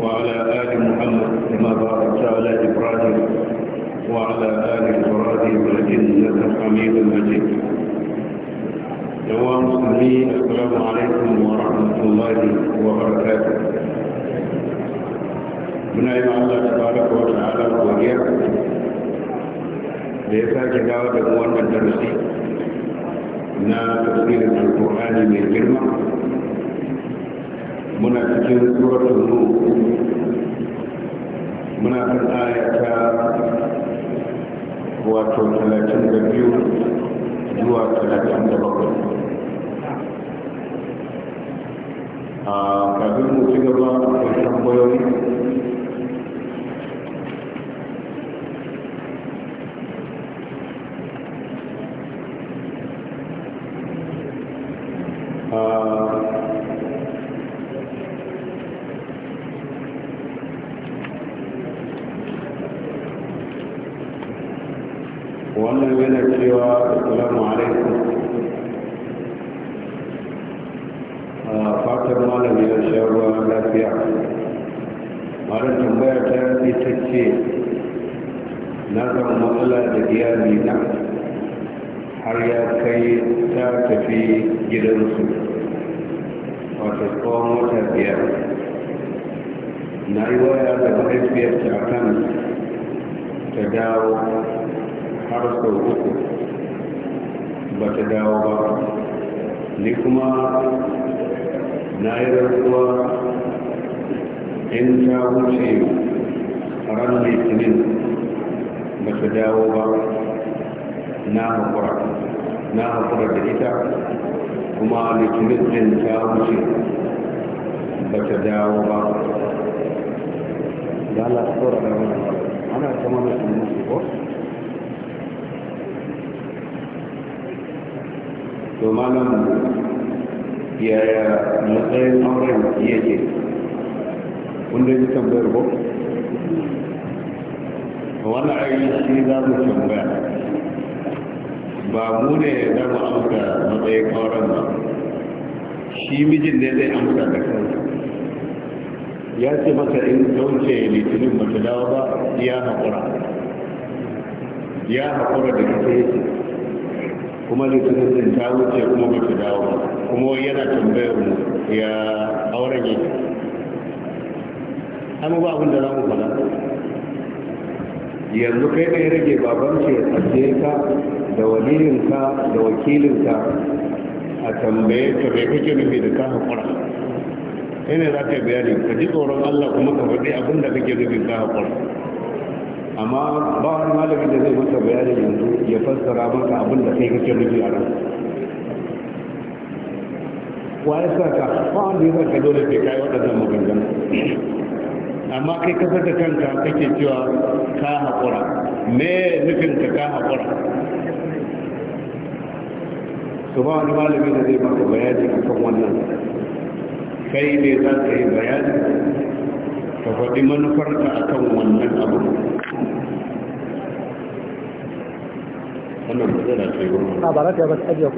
وعلى آل محمد كما باركت على إبراهيم وعلى آل إبراهيم الجنة حميد المجيد جواب سمي السلام عليكم ورحمة الله وبركاته من أي الله تبارك وتعالى وليك ليس جداوة وانا درسي نا تفسير القرآن من girma muna cikin suratun nu muna kan ayata wato 32 zuwa 37 a ah, kafin mu ci gaba da tambayoyi su wato tsohon wata biyar na yi waya da mahaifiyar ta kan ta dawo har sau uku ba ta dawo ba ni kuma na yi rantsuwa in ta wuce ran litinin ba ta dawo ba na haƙura da ita kuma litinin ɗin ta wuce ba ta dawo ba da Allah ta tsora da wani ana ta mana sunan musu ko to malam yaya matsayin auren yake wanda ya tambayar ko wannan ayyuka shi za mu tambaya ba mu ne za mu amsa matsayin auren ba shi mijin ne zai amsa da kansa ya ce masa in kauce litinin mace dawa ba ya haƙura ya haƙura da kasa kuma litinin din ta wuce kuma mace dawa ba kuma yana tambayar mu ya auren yake amma ba abin da za mu yanzu kai ne rage baban ke tsaye ka da walilinka da wakilinka a tambaye ka bai kake nufi da ka haƙura kai ne za ka yi bayani ka ji tsoron allah kuma ka faɗi abin da kake nufi ka haƙura amma ba wani malamin da zai maka bayani yanzu ya fassara maka abin da kai kake nufi a ran wa ya sa ka ba wanda ya sa ka dole sai ka yi waɗannan maganganu amma kai ka saka kanka kake cewa ka haƙura me nufin ka ka haƙura su ba wani malami da zai maka bayani a kan wannan kai ne za ka yi bayani ka faɗi manufarka a kan wannan abu wannan matsala ce wurin a ba za ba ta ajiye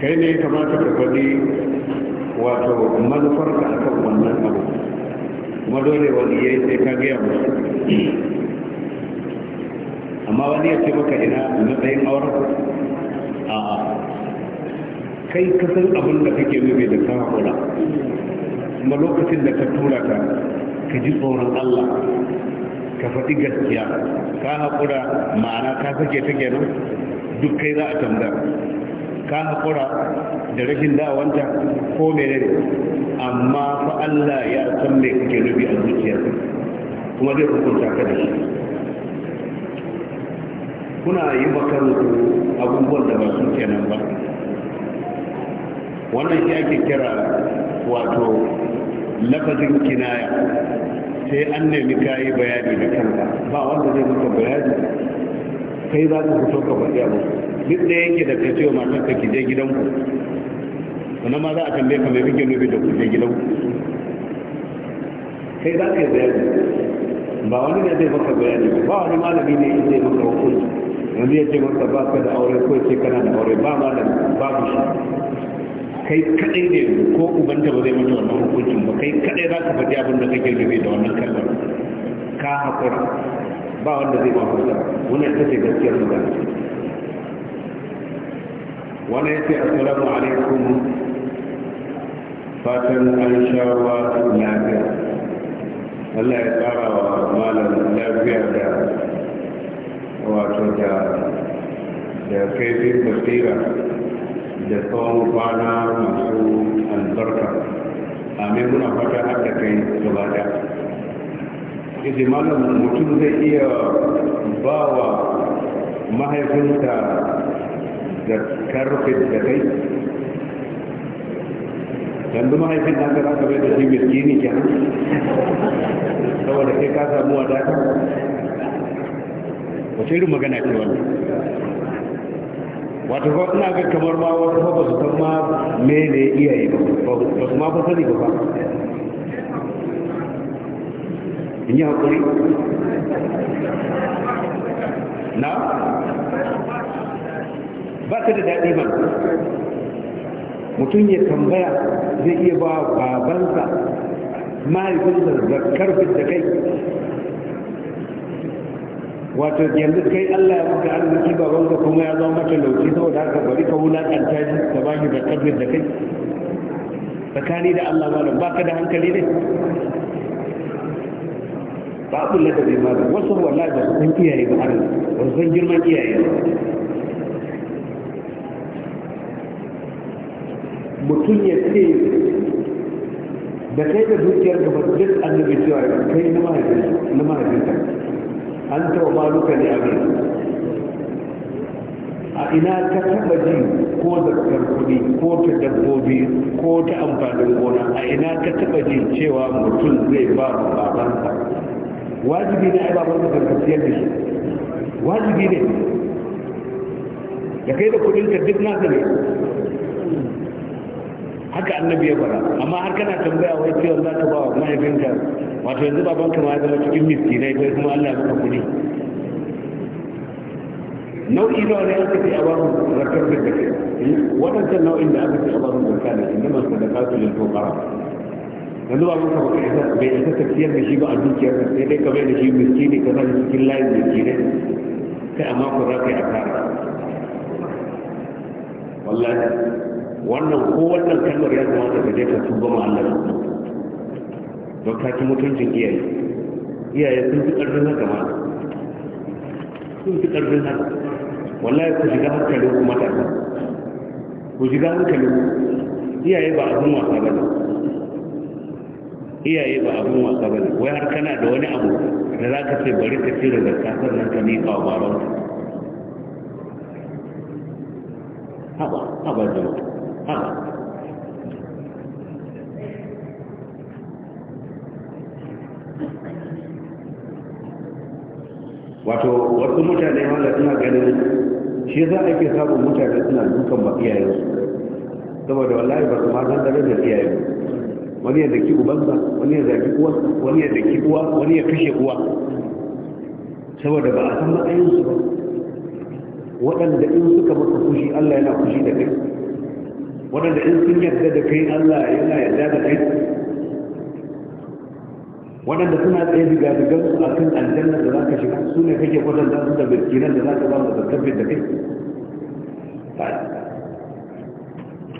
kai ne kamata ka faɗi wato manufar ka kan wannan abu kuma dole wani ya yi sai ka gaya musu amma wani ya ce maka ina matsayin aure? a kai san abin da kake nufi da ka haƙura kuma lokacin da ka tura ka ka ji tsoron allah ka faɗi gaskiya ka haƙura ma'ana ka sake ta kenan duk kai za a tambaya ka haƙura da rashin da'awanta ko mene ne amma fa Allah ya san me kake nufi a zuciya kuma zai hukunta ka da shi kuna yi makar abubuwan da ba su kenan ba wannan shi ake kira wato lafazin kinaya sai an nemi kayi bayani da kanka ba wanda zai maka bayani kai za ka fito ka faɗi musu. duk da yake da kace wa matar ka kije ku. kuma ma za a tambaye ka mai kike nufi da kuje ku. kai za ka yi bayani ba wani ne zai maka bayani ba wani malami ne zai maka hukunci wani ya ce maka ba ka da aure ko ce kana da aure ba malami babu shi kai kadai ne ko ubanta ba zai mata wannan hukuncin ba kai kadai za ka faɗi abin da kake nufi da wannan kalmar ka haƙura ba wanda zai ba kusa wannan ita ce gaskiyar magana wani ya ce assalamu alaikum fatan an shawarwa lafiya Allah ya tsara wa malam lafiya da wato da da kaifin basira da tsawon kwana masu albarka amin muna fata haka kai gaba da idan malam mutum zai iya ba wa mahaifinsa da karfe da kai yanzu mahaifin naka za ka bai da shi miskini kenan saboda kai ka samu wadata wace irin magana ce wani? wato ba ina ga kamar ma wasu ba su san ma mene iyaye ba ba su ma ba sani ba in yi haƙuri na ba ka da daɗi ba mutum ya tambaya zai iya ba babansa mahaifinsa zakar da kai wato yanzu kai Allah ya maka arziki babanka kuma ya zama mata lauci saboda haka bari ka wulaƙanta shi ka ba shi zakar da kai tsakani da Allah malam ba ka da hankali ne ba a kulle da wasu wallahi ba su san iyaye ba har wasu su san girman iyaye ba mutum ya ce da kai da dukiyar ka ba duk annabi cewa kai na na mahaifinka an tawa maluka ne abin a ina ka taba ji ko da kuɗi ko ta dabbobi ko ta amfanin gona a ina ka taba ji cewa mutum zai ba mu babansa wajibi ne ai babansa karkasiyar da shi wajibi ne da kai da kuɗinka duk nasa ne haka annabi ya bara amma har kana tambaya wai cewa za ka ba wa mahaifinka wato yanzu babanka ma zama cikin miski miskinai kai kuma Allah ya maka kuɗi nau'i nawa ne aka ce a ba mu zakar da kake waɗancan nau'in da aka ce a ba mu zakka ne inda masu da kasu lil fuqara yanzu ba muka baka isa bai isa tafiyar da shi ba a dukiyar ka sai dai ka bai da shi miskini ka sa cikin layin miskini kai a mako za ka yi asara wallahi wannan ko wannan kalmar ya zama ka je ka tuba ma Allah don ka ci mutuncin iyaye iyaye sun fi ƙarfin haka ma sun fi ƙarfin haka wallahi ku shiga hankali ku matasa ku shiga hankali iyaye ba abin wasa ba ne iyaye ba abin wasa ba ne wai har kana da wani abu da za ka ce bari ka cire kasar nan ka miƙa wa babanka haba haba jama'a wato wasu mutane wanda suna ganin shi za a ke samun mutane suna dukan ba iyayensu saboda wallahi ba su ma san da iyayen wani ya zaki ubansa wani ya zaki uwa wani ya daki uwa wani ya kashe uwa saboda ba a san matsayinsu ba waɗanda in suka maka fushi Allah yana fushi da kai waɗanda in sun yarda da kai Allah yana yarda da kai waɗanda suna tsaye diga digan su akan aljanna da zaka shiga su ne kake za su da birkinan da zaka ba su da kafin da kai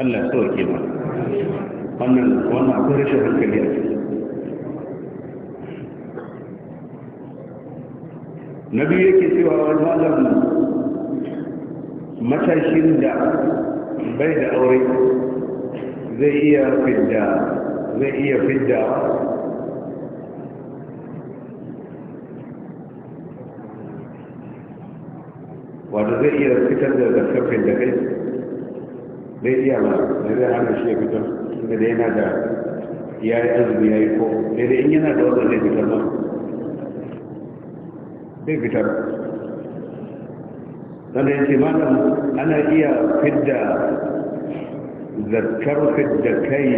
Allah ya sauke ba wannan wannan akwai rashin hankali a cikin na biyu yake cewa wani malam matashin da bai da aure zai iya fidda zai iya fidda zai iya fitar da zakafin da kai zai iya ba da zai hana shi ya fitar da da yana da ya yi azumi ya yi ko da da in yana da wanda zai fitar ba zai fitar sannan yake malam ana iya fidda zakar fidda kai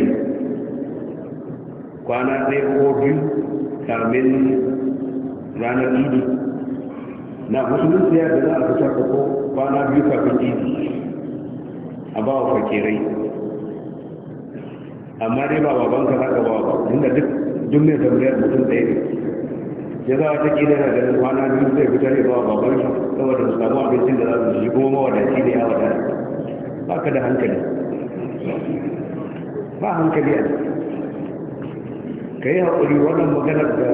kwana ɗaya ko biyu kamin ranar idi na musulun ya da za a fitar da ko kwana biyu kafin idi a ba wa fakirai amma dai ba baban ka ba wa inda duk duk tambayar mutum ɗaya ne ya za ta kila na ganin kwana biyu zai fitar da ba baban shi saboda su samu abincin da za su shi kuma mawadaci ne a wadata ba ka da hankali ba hankali a ka yi haƙuri wannan maganar da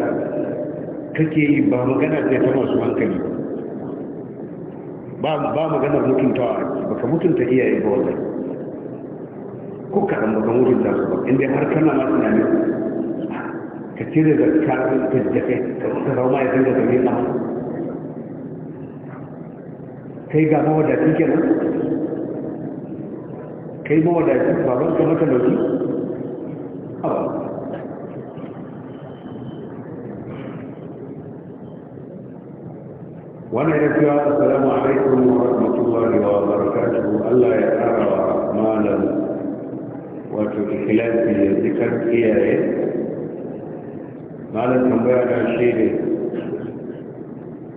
kake yi ba maganar da ta masu hankali ba ba maganar mutuntawa a ciki baka mutunta iyaye ba wannan ko kaɗan baka mutunta su ba inda har kana masu tunanin ka cire da karin tajjafe ka kusa zama ya dinga gani a kai ga mawadaci kenan kai mawadaci baban ka matalauci a ba wannan ya fiya assalamu alaikum wa rahmatullahi wa barakatuhu Allah ya tsara wa malam wato ikhlasi ya zikar iyaye malam tambaya da shi ne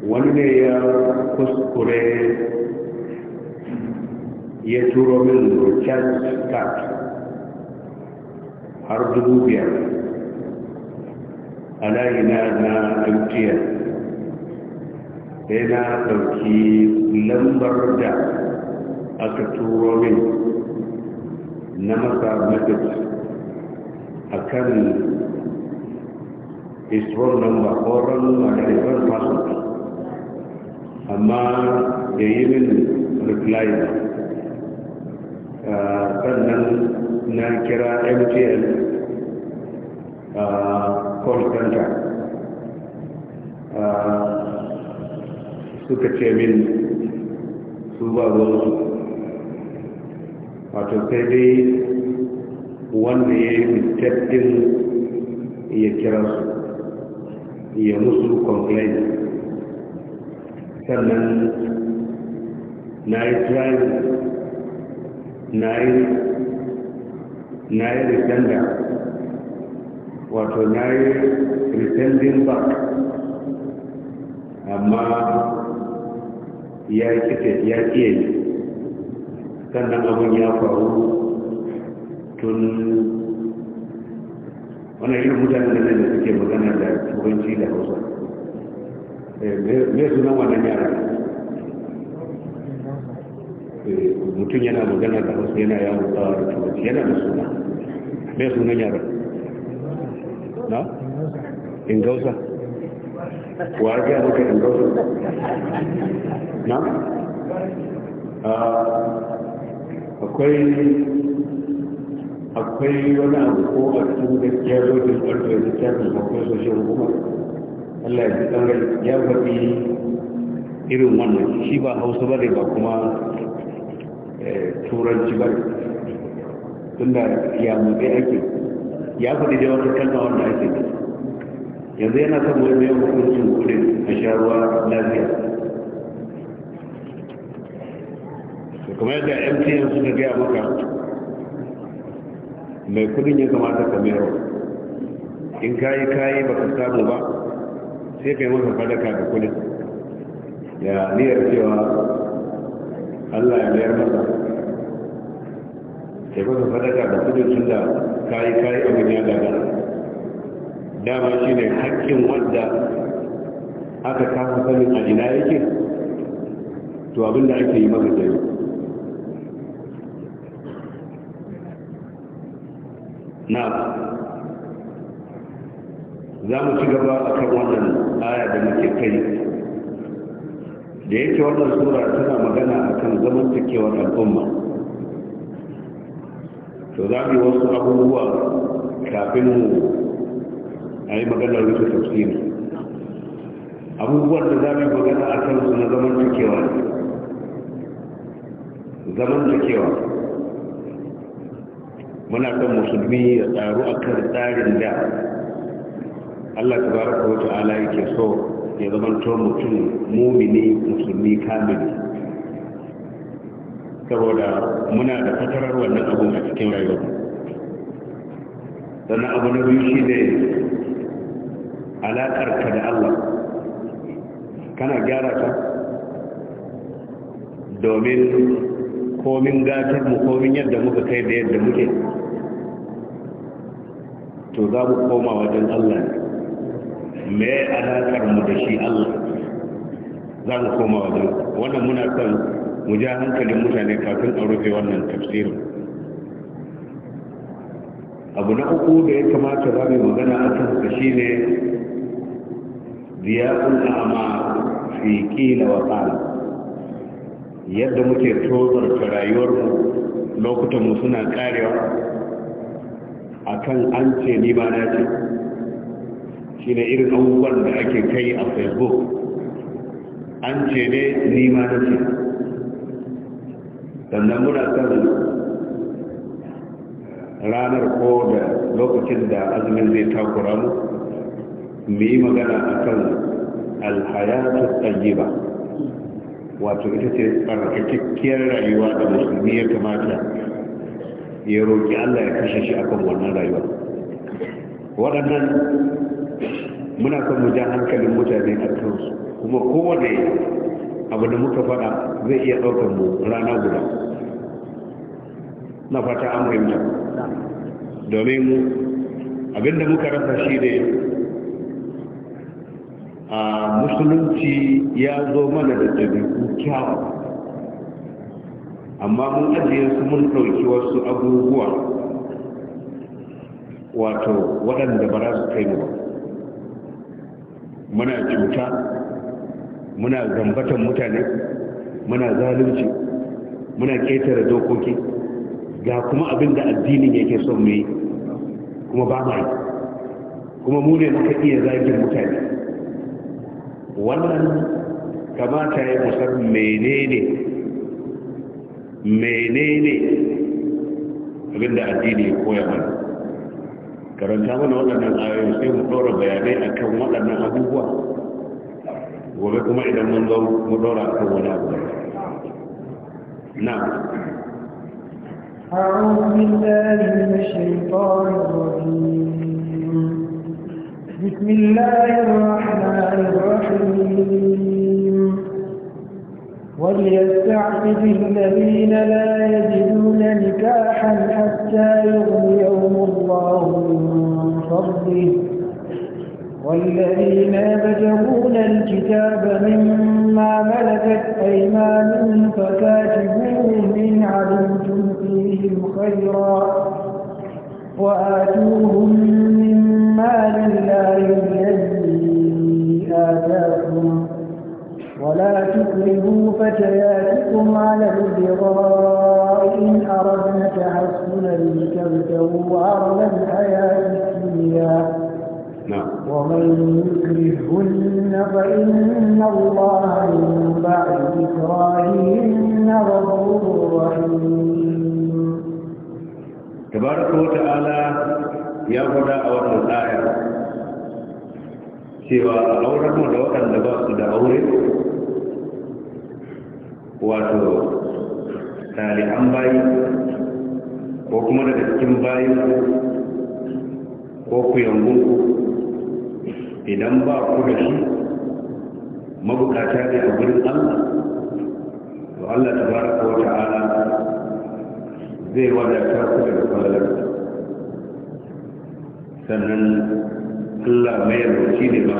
wani ne ya kuskure ya turo min rukyar start har dubu biyar a layina na mtn sai na ɗauki lambar da aka turo min na masa message a kan isron number horon ma'arifar password amma da yi min reply ba ah, sannan na kira mtn ah, call center ah, suka ce min su ba ruwansu wato sai dai wanda ya yi mistakin ya kira su ya musu complain sannan na yi trial na yi na yi retender wato na yi retending back amma ya kike ya kiye yi sannan abin ya faru tun wannan irin mutane da da suke magana da turanci da hausa eh, me sunan wannan yara eh, mutum yana magana da hausa yana yawon tsawa da turanci yana da suna me sunan yara na ingausa wa ga yi in na ah, akwai akwai wani abu ko a cikin gaskiya rojin ƙarfe da da akwai sosai hukuma allah ya tsangar ya faɗi irin wannan shi ba hausa ba ne ba kuma eh, turanci ba da ya mutai ake ya faɗi da wata kalma wanda ake yanzu yana son wani mai hukuncin kudin a sharuwa ruwa lafiya kamar yadda mtn suka gaya maka mai kudin ya kamata ka mero in kayi kayi ba ka samu ba sai ka yi masa fadaka da kudin ya niyar cewa allah ya mayar masa sai masa fadaka da kudin sun da kayi kayi abin ya gagara dama shi ne hakkin wanda aka kafa sanin adina yake to abinda ake yi maka dare na za mu ci gaba a kan wannan aya da muke kai da yake wannan sura tana magana a kan zamantakewar al'umma to za mu yi wasu abubuwa kafin mu a yi maganar rufe tafsiri abubuwan da za mu yi magana a kan su na zaman cikewa zaman cikewa muna kan musulmi ya tsaro a kan tsarin da allah ta baraka wata ala yake so ya zamanta to mutum mumini musulmi kamili saboda muna da fatarar wannan abun a cikin rayuwa sannan abu na biyu shi ne alaƙarka da Allah kana gyara ta domin komin gatar mu komin yadda muka kai da yadda muke to za mu koma wajen Allah me alaƙar mu da shi Allah za mu koma wajen wannan muna son mu ja hankalin mutane kafin a rufe wannan tafsirin abu na uku da ya kamata za mu magana a kansa shi ne ziyarun a'ama fi kila wa tsara yadda muke tozarta rayuwarmu lokutanmu suna karewa kan an ce ni ba na ce shi ne irin abubuwan da ake kai a facebook an ce ne ni ma na ce sannan muna kan ranar ko da lokacin da azumin zai takura mu mu yi magana a kan alhayatu wato ita ce tsarkakakkiyar rayuwa da musulmi ya kamata ya roƙi allah ya kashe shi akan wannan rayuwa waɗannan muna kan mu ja hankalin mutane a kansu kuma kowane abu da muka faɗa zai iya ɗaukar mu rana guda na fata an fahimta domin abinda muka rasa shi ne musulunci ya zo mana da jami'u kyawu amma mun ajiye su mun ɗauki wasu abubuwa wato waɗanda ba za su kai mu ba muna cuta muna zambatan mutane muna zalunci muna ƙetare dokoki ga kuma abin da addinin yake son mu yi kuma ba mai yi kuma mu ne muka iya zagin mutane wannan kamata ya musar menene menene abinda addini ya koya mana karanta mana waɗannan ayoyi sai mu ɗora bayanai kan waɗannan abubuwa gobe kuma idan mun zo mu ɗora kan wani abu na أعوذ بالله من الشيطان الرجيم بسم الله الرحمن الرحيم وليستعفف الذين لا يجدون نكاحا حتى يغنيهم الله من فضله والذين يبتغون الكتاب مما ملكت أيمانهم فكاتبوهم إن علمتم فيهم خيرا وآتوهم من ما لله الذي آتاكم ولا تكرهوا فتياتكم على البغاء إن أردنا تحصنا لتبتغوا عرض الحياة الدنيا نعم. ومن يكرهن فإن الله من بعد إكراهن غفور رحيم تبارك وتعالى ya faɗa a wannan ayar cewa a auren da waɗanda ba su da aure wato talihan bayi ko kuma daga cikin bayan ko ku idan ba ku da shi mabukata ne a gurin Allah to Allah tabaraka wata ta'ala zai wadatar ku daga falalar sannan Allah mai yarwaci ne ba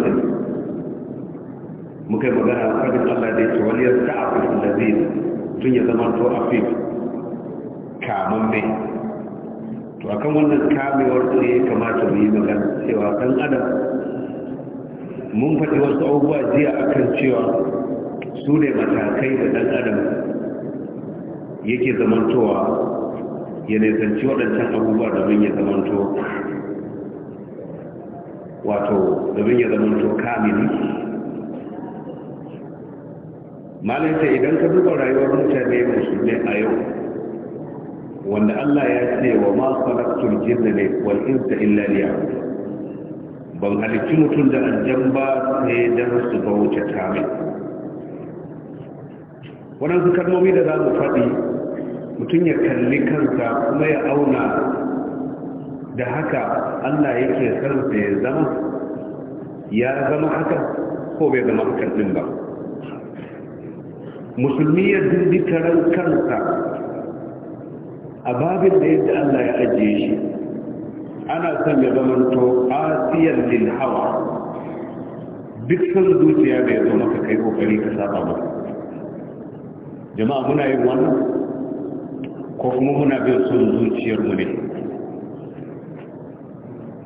muka yi magana a ƙarfin Allah da yake wani yarda a ƙarfin da zai tun ya zama to a fi kamun mai to akan wannan kamewar ne ya kamata mu yi magana cewa kan adam mun faɗi wasu abubuwa jiya akan cewa su ne matakai da ɗan adam yake zamantowa ya nisanci waɗancan abubuwa domin ya zamanto wato domin ya zama to kamili malinta idan ka duba rayuwar mutane ne a yau wanda Allah ya ce wa ma khalaqtul jinna ne wal insa illa liya'budun ban halicci mutum da aljan ba sai dan su bauta ta mai wannan kalmomi da za mu faɗi mutum ya kalli kansa kuma ya auna da haka Allah yake son sa ya zama ya zama haka ko bai zama haka din ba musulmi ya dubi karan kansa a babin da yadda Allah ya ajiye shi ana son ya to asiyar lil hawa duk san zuciya da zo maka kai kokari ka saba ba jama'a muna yin wannan ko kuma muna bin zuciyar mu ne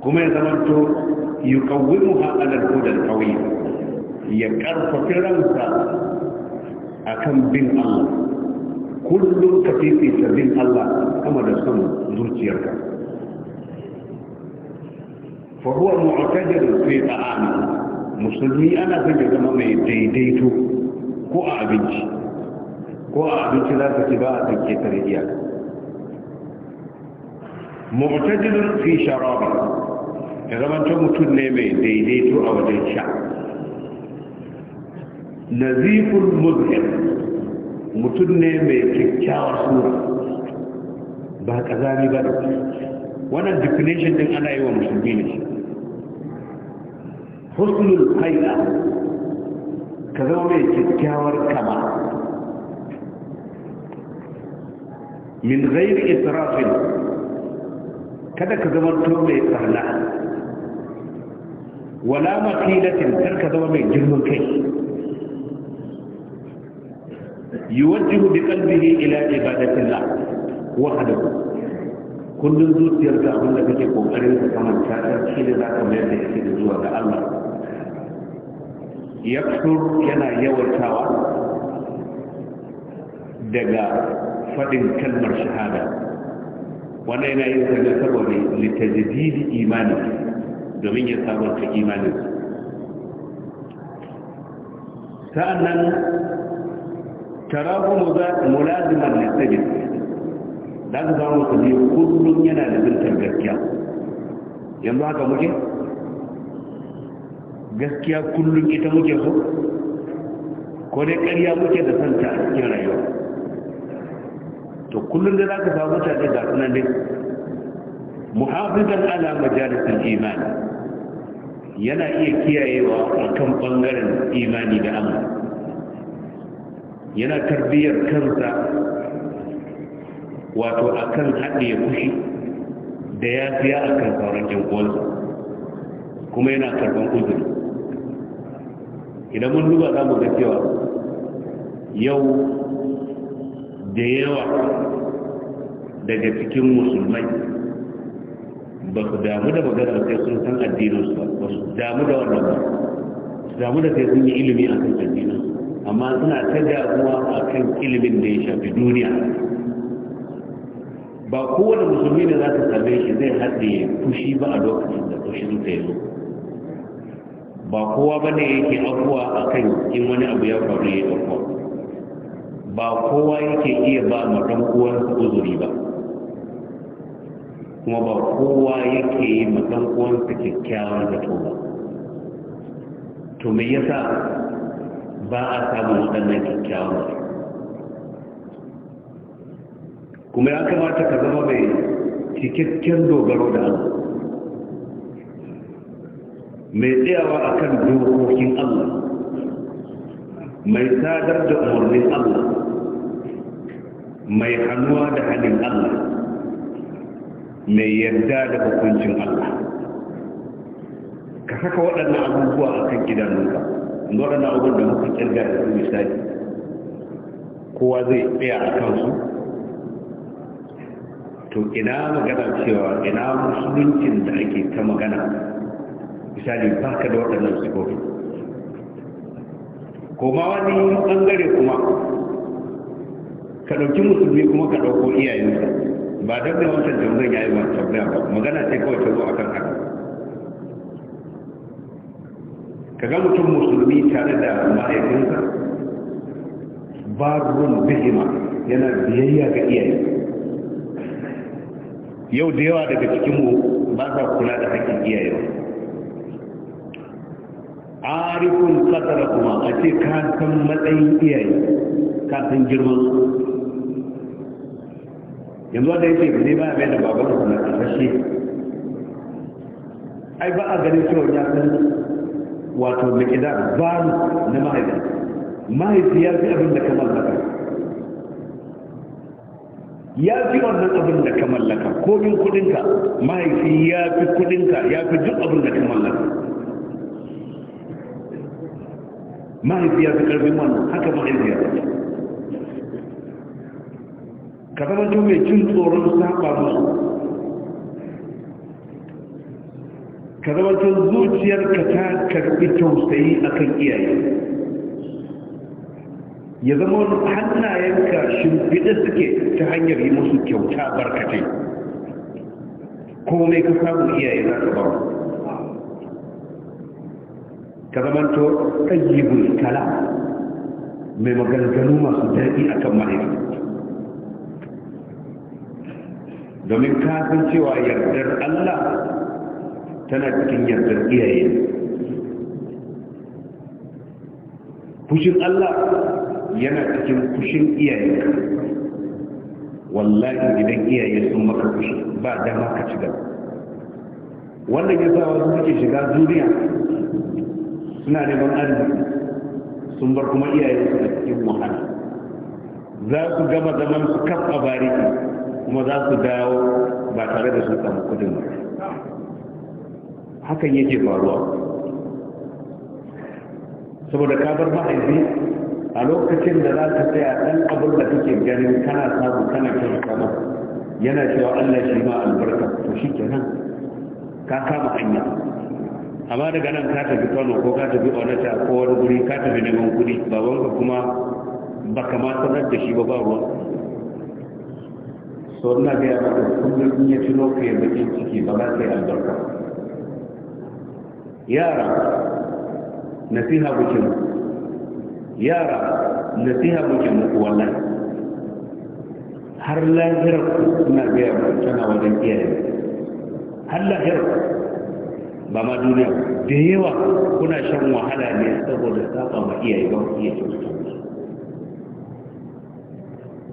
kuma ya zama to yuqawwimuha ala al-huda al-qawiyy ya karfafa ransa akan bin Allah kullum ka fifita bin Allah kama da son zuciyarka fa huwa mu'tadil fi ta'ami musulmi ana son ya zama mai daidaito ko a abinci ko a abinci za ka ci ba a sake tare iyaka mu'tadil fi sharabi ya zamanta mutum ne mai daidaito a wajen sha naziful muslim mutum ne mai kyakkyawar sura ba kazami ba da wannan definition din ana yi wa musulmi ne husnul haila ka zama mai kyakkyawar kama min ghairi israfin kada ka zama to mai tsarnar wala makilatin karka zama mai girman kai yuwajjihu bi qalbihi ila ibadatillah wahdahu kullun zuciyarka abin da kake kokarin ka kamanta ta shi da zaka mayar da shi zuwa ga Allah yaksur yana yawaitawa daga fadin kalmar shahada wannan yana yin sanar saboda litajdidi imani domin ya sabunta imaninsu sa'annan a mulaziman lissabin da su zama su ne kullum yana da zintar gaskiya yanzu haka muke gaskiya kullum ita muke so ko dai ƙarya muke da santa a cikin rayuwa to kullum da za ka samu mutane ga sunan dai muhafizan ala majalisar imani yana iya kiyayewa a kan ɓangaren imani da Allah yana tarbiyyar kansa wato a kan haɗe kushi da ya fiya a kan sauran yankuwansa kuma yana karɓar uzuri idan mun duba za mu ga cewa yau da yawa daga cikin musulmai ba su damu da magana sai sun san addininsu ba ba su damu da wannan ba su damu da sai sun yi ilimi a kan su amma suna ta damuwa a kan ilimin da ya shafi duniya ba kowane musulmi da za ta same shi zai haɗe fushi ba a lokacin da fushin ta zo ba kowa ba ne yake abuwa a kan in wani abu ya faru ya ɗauko. ba kowa yake iya ba ma ɗan uwansa uzuri ba kuma ba kowa yake yi magan uwansa kyakkyawar zato ba to me yasa ba a samun waɗannan kyakkyawar kuma ya kamata ka zama mai cikakken dogaro da Allah mai tsayawa kan dokokin Allah mai sadar da umarnin Allah mai hannuwa da hannun Allah mai yarda da hukuncin Allah ka saka waɗannan abubuwa a kan gidanunka inda waɗannan abubuwan da muka kirga da su misali kowa zai tsaya a kansu to ina magana cewa ina musuluncin da ake ta magana misali ba ka da waɗannan sifofi koma wani ɓangare kuma ka ɗauki musulmi kuma ka ɗauko iyayensa ba duk da wancan tambayin ya yi ba tambaya ba magana sai kawai ta zo a kan haka ka ga mutum musulmi tare da ma'aikinsa barun bihima yana biyayya ga iyaye yau da yawa daga cikinmu ba sa kula da haƙƙin iyaye ba arifun kasar kuma a ce ka san matsayin iyaye ka san girman yanzu wanda yake ne ba mai da baban sa na kashe ai ba a ganin cewa ya san wato da kida ba na mahaifi mahaifi ya fi abin da ka mallaka ya fi wannan abin da ka mallaka komin kudinka mahaifi ya fi kudinka ya fi duk abin da ka mallaka mahaifi ya fi karfin wannan haka mahaifi ya fi ka zama to mai jin tsoron saba musu ka zama to zuciyarka ta karbi tausayi a kan iyaye ya zama wani hannayenka shimfiɗe suke ta hanyar yi musu kyauta barkatai komai ka samu iyaye za ka bawa ka zamanto ɗayyibin kala mai maganganu masu daɗi kan mahaifi domin ka san cewa yardar Allah tana cikin yardar iyaye fushin Allah yana cikin fushin iyaye wallahi idan iyaye sun maka fushi ba dama ka ci gaba wannan ya sa wasu shiga duniya suna neman arziki sun bar kuma iyaye su a cikin wahala za su gama zaman su kaf bariki kuma za su dawo ba tare da sun samu kudin ba hakan yake faruwa saboda ka bar ma'aizi a lokacin da za ta tsaya ɗan abin da kake ganin kana samu kana kyan ma yana cewa Allah shi ma albarka to shi kenan ka kama hanya amma daga nan ka tafi Kano ko ka tafi onata ko wani guri ka tafi neman kuɗi babanka kuma ba kama sanar da shi ba ba ruwa so ina gaya maka kullum in ya tuno ka yi bakin ciki ba za ka yi albarka yara nasiha bukin yara nasiha bukin muku wannan har lahirar ku suna gaya ba tana wajen iyaye har lahirar ba ma duniya da yawa kuna shan wahala ne saboda saba ma iyaye ba ku iya cikin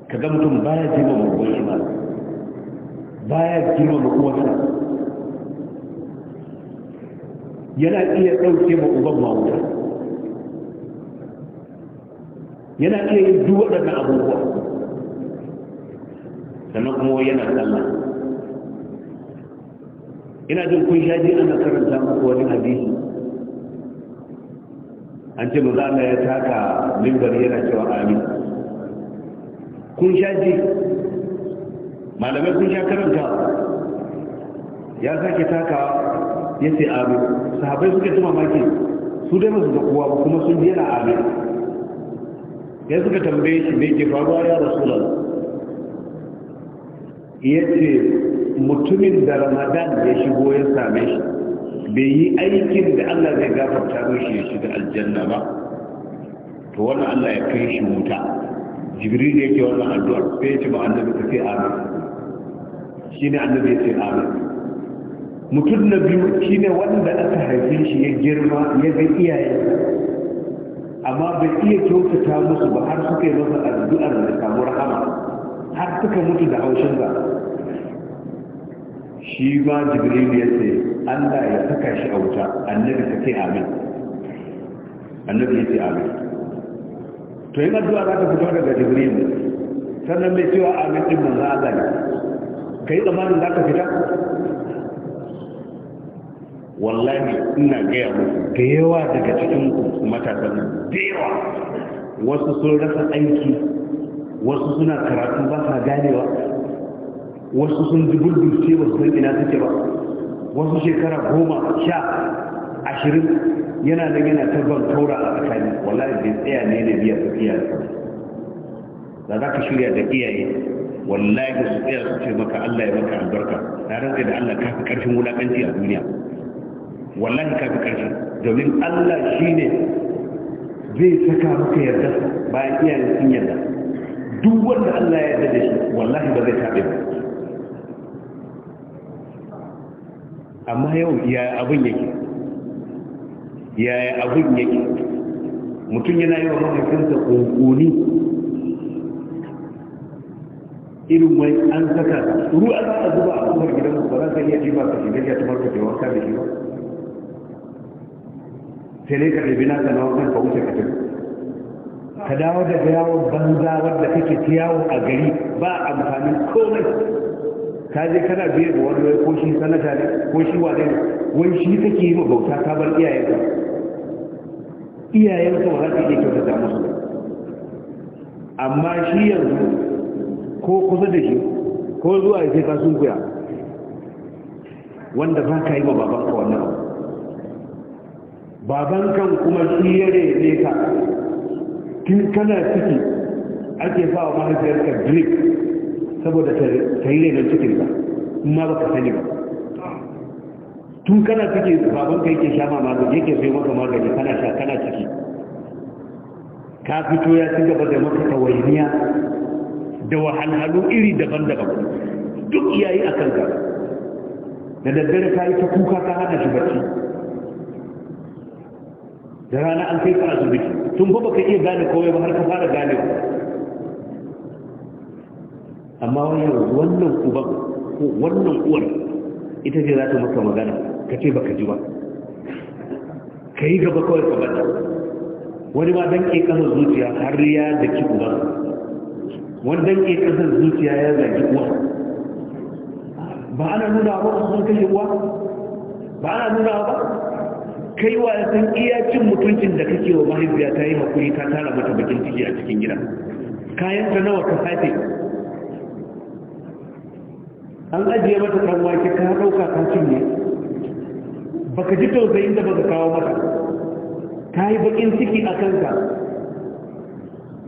ka ga mutum baya jima mu uwan ba baya jima ma uwansa yana iya ɗauke ma uban ma wuta yana iya yin duk waɗannan abubuwa sannan kuma yana sallah ina jin kun sha ji ana karanta muku wani hadisi an ce mu Allah ya taka mimbar yana cewa amin kun sha ji malamai kun sha karanta ya sake taka ya ce amin sahabai suka ta mamaki su dai masu kowa ba kuma sun yana amin ya suka tambaye shi mai ke faruwa ya rasulan ya ce mutumin da ramadan ya shigo ya same shi bai yi aikin da allah zai gafarta mishi ya shiga aljanna ba to wannan allah ya kai shi wuta jibril yake wannan addu'a sai ya ce ba annabi ka ce amin ne annabi ya ce amin mutum na biyu shi ne wanda aka haife shi ya girma ya ga iyaye amma bai iya kyautata musu ba har suka yi masa addu'ar da samu rahama har suka mutu da haushin ba shi ma jibril ya ce allah ya saka shi a wuta annabi ka ce amin annabi ya ce amin to yin addu'a za ta fito daga jibril sannan mai cewa amin din manzo Allah ne kai tsamanin za ka fita wallahi ina gaya yawa da yawa daga cikin matasan da yawa wasu sun rasa aiki wasu suna karatu ba sa ganewa wasu sun ji bulbulce ba su ina suke ba wasu shekara goma sha ashirin yana nan yana ta ban kaura a tsakani wallahi bai tsaya ne da biya su iyayensa da za ka shirya da iyaye wallahi da su tsaya su ce maka Allah ya maka albarka na rantsa da Allah ka fi karfin wulakanci a duniya wallahi ka fi karfi domin Allah shine zai saka maka yarda bayan iyaye sun yarda duk wanda Allah ya yarda da shi wallahi ba zai tabe ba amma yau ya abin yake yaya abin yake mutum yana yi wa mahaifinsa ƙunƙuni irin wai an saka ruwa za a zuba a kofar gidan ba za ka iya ɗiba ka shiga ya tumar ka cewa ka da shi ba sai ne ka ɗabi na sanawa kan ka wuce ka tafi ka dawo da yawon banza wadda kake ta yawo a gari ba amfanin komai ka je kana biye da wani ko shi sanata ne ko shi wane ne wai shi take yi ma bauta ta bar iyayenka iyayenka ba za ka iya kyautata musu amma shi yanzu ko kusa da shi ko zuwa ya sai ka kuya wanda ba ka yi ma babanka wannan abu baban kan kuma shi ya rene ka tun kana ciki ake ba wa mahaifiyarka drip saboda ta yi renon cikin ba ma ba ka sani ba tun kana suke baban ka yake sha magani yake sai maka magani kana sha kana ciki ka fito ya ci gaba da maka tawainiya da wahalhalu iri daban-daban duk iyayi a kanka da daddare ka yi ta kuka ta hana shi bacci da rana an kai ka asibiti tun ba baka iya gane kowai ba har ka fara gane amma wannan uban ko wannan uwar ita ce za ta maka magana ka ce baka ji ba ka yi gaba kawai ka bata wani ma don ke kasar zuciya har ya da ki uba wani don ke kasar zuciya ya zagi uwa ba ana nuna ba kusan kashe uwa ba ana nuna ba kai wa san iya cin mutuncin da kake wa mahaifiya ta yi hakuri ta tara mata bakin ciki a cikin gida kayan ta nawa ka sace an ajiye mata kan wake ka dauka kan cinye baka ji tausayin da baka kawo mata ka yi bakin ciki a kanka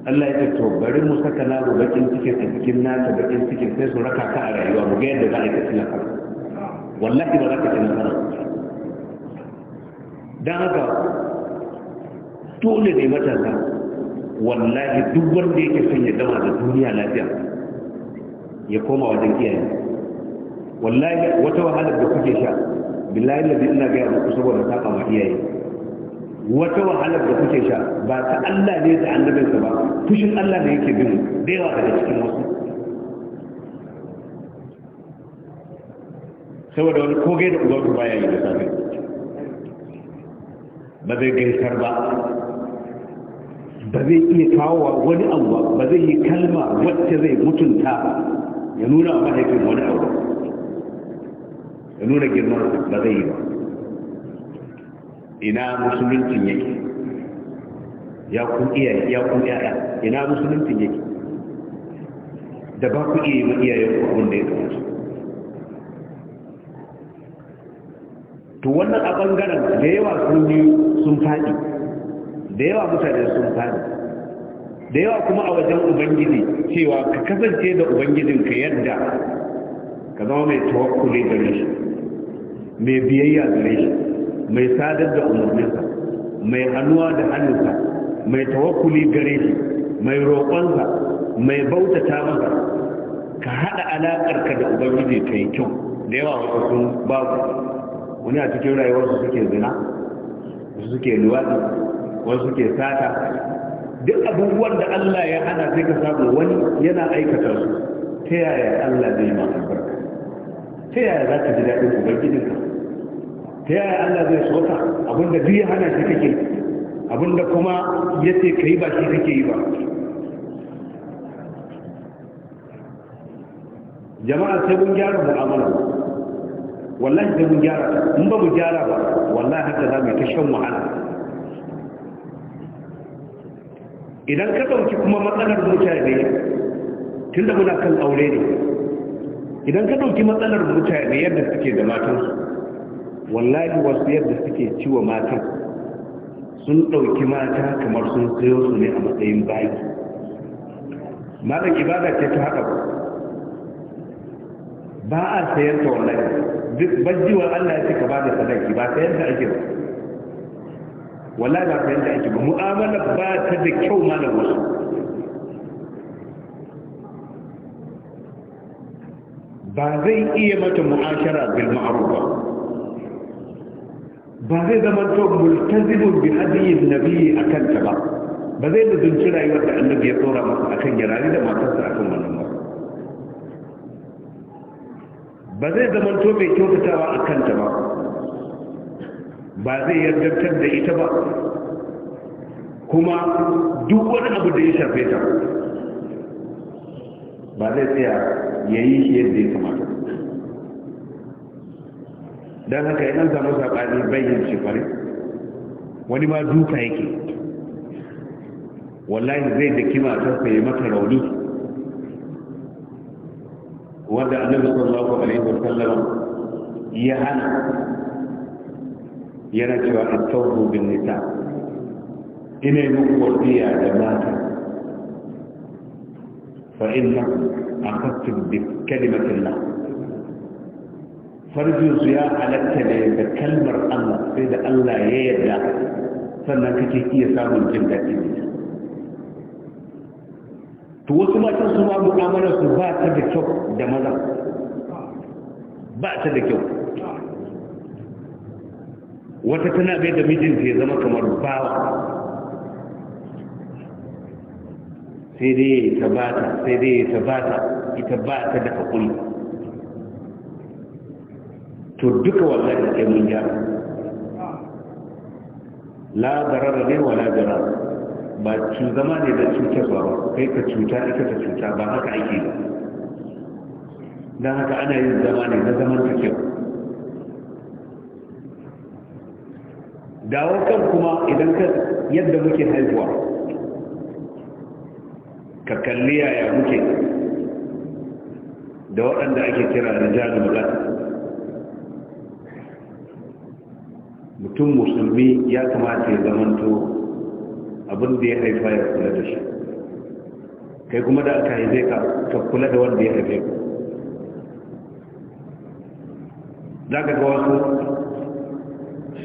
Allah ya ce to bari mu saka namu bakin cikin a cikin nasa bakin cikin sai su raka ka a rayuwa mu ga yadda za a yi ka nasara wallahi ba za ka cin nasara don haka dole ne matasa wallahi duk wanda yake son ya dama da duniya lafiya ya koma wajen iyaye wallahi wata wahalar da kuke sha billahi ladin ina gaya muku saboda saba ma iyaye wata wahalar da kuke sha ba ta Allah ne da annabinsa ba fushin Allah ne yake bin da yawa daga cikin wasu saboda wani koge da ubanku baya yi da safe ba zai gaisar ba ba zai iya kawo wani abu ba ba zai yi kalma wacce zai mutunta ya nuna wa mahaifin wani abu ya nuna girman ba zai yi ba ina musuluncin yake ya kun iyaye ya kun yaya ina musuluncin yake da ba ku iya yi iyayen ku abin da ya kamata to wannan a bangaren da yawa sun yi sun faɗi da yawa mutane sun faɗi da yawa kuma a wajen ubangiji cewa ka kasance da ubangijinka yadda ka zama mai tawakkuli gare shi mai biyayya gare shi mai sadar da umarninsa mai hannuwa da hannunsa mai tawakkuli gare shi mai roƙonsa mai bautata masa ka haɗa alaƙarka da ubangiji ta yi kyau da yawa wasu sun babu wani a cikin su suke zina wasu suke luwaɗi wasu suke sata duk abubuwan da Allah ya hana sai ka samu wani yana aikata su ta yaya Allah zai ma albarka ta yaya za ka ji daɗin ubangijinka ta yaya Allah zai so ka abinda duk ya hana shi kake abinda kuma ya ce ka yi ba shi kake yi ba jama'a sai mun gyara mu'amala wallahi sai mun gyara in ba mu gyara ba wallahi haka za mu ta shan wahala idan ka ɗauki kuma matsalar mutane tunda muna kan aure ne idan ka ɗauki matsalar mutane yadda suke da matansu wallahi wasu yadda suke ciwa matan sun ɗauki mata kamar sun sayo su ne a matsayin bayi malam ibada ce ta haɗa ba a sayar ta wallahi duk bajjiwar Allah ya ce ka ba da sadaki ba sayar da ake ba wallahi ba sayar da ake ba mu'amala ba ta da kyau malam wasu ba zai iya mata mu'ashara bil ma'ruf ba ba zai zama to multazibun bi hadiyin nabiyyi akan ta ba ba zai lubunci rayuwar da annabi ya tsora masa akan yarari da matarsa akan wannan ba ba zai zama to mai kyautatawa akan ta ba ba zai yardantar da ita ba kuma duk wani abu da ya shafe ta ba zai tsaya ya yi yadda ya kamata don haka yana samu saɓani bayyan shi kwarai wani ma duka yake wallahi zai da kima ta sai mata rauni wanda annabi sallallahu alaihi wasallam ya hana yana cewa at-tawbu bin nisa ina yi muku wasiya da mata fa inna akhadtu bi kalimati Allah farjin su ya halatta ne da kalmar Allah sai da Allah ya yarda sannan kake iya samun jin daɗi to wasu matan su ma mu'amalar su ba ta da kyau da maza ba ta da kyau wata tana bai da mijinta ya zama kamar bawa sai dai ya tabata sai dai ya tabata ita ba ta da hakuri to duka wallahi sai mun gyara la darara ne wala jara ba ci zama ne da cutarwa ba kai ka cuta ita ta cuta ba haka ake ba don haka ana yin zama ne na zaman ta kyau dawo kan kuma idan ka yadda muke haihuwa ka kalli yaya muke da waɗanda ake kira da jami'ar Tun musulmi ya kamata ya zamanto abin da ya haifa ya kula da shi kai kuma da aka haife ka ka kula da wanda ya haife ku za ka ga wasu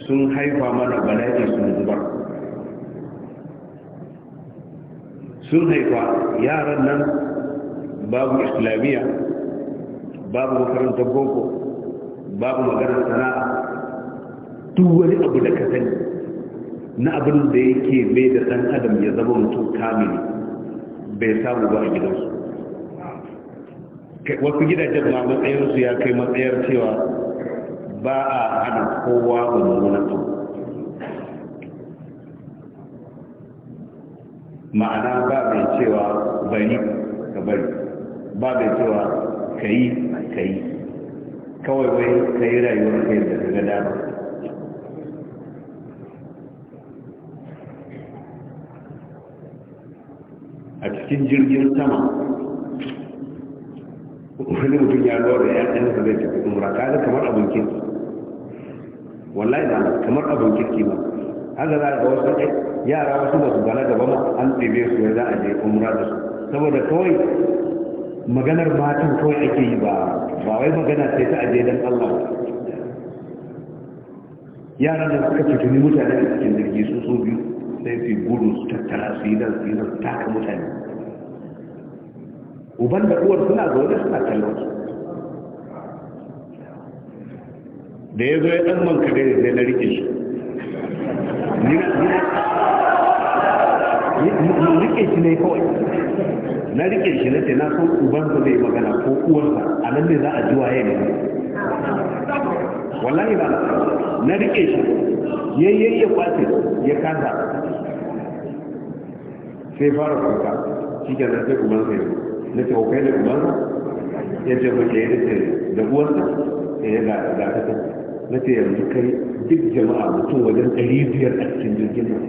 sun haifa mana bala'i sun zubar sun haifa yaran nan babu islamiyya babu makarantar boko babu maganar sana'a duk wani abu da ka sani na abin da yake mai da ɗan adam ya zama mutum kamili bai samu ba a gidansu wasu gidajen ma matsayarsu ya kai matsayar cewa ba a hana kowa mummunan abu ma'ana ba mai cewa bari ka bari ba mai cewa ka yi ka yi kawai wai ka yi rayuwar ka da ka ga dama cikin jirgin sama wani mutum ya lura da ɗan da zai tafi umra ga kamar abin kirki wallahi na kamar abin kirki ba haka za ga wasu kai yara wasu ba su gana gaba ma an tsebe su ya za a je umra da su saboda kawai maganar matan kawai ake yi ba ba wai magana sai ta aje don Allah yaran da suka ni mutane a cikin jirgi su so biyu sai su gudu su tattara su yi nan su yi nan taka mutane uban da uwar suna zaune suna kallon su da ya zo ya ɗan man kare da sai na rike shi na rike shi ne kawai na rike shi na ce na san ubansa zai magana ko uwarsa a nan ne za a ji waye ne wallahi ba na rike shi yi ya kwace ya kasa sai fara kuka cikin da sai uban sai na ce da ubansa ya ce ba ke yi ce da uwansa ya yi ga ta na ce yanzu kai duk jama'a mutum wajen ɗari biyar a cikin jirgin nan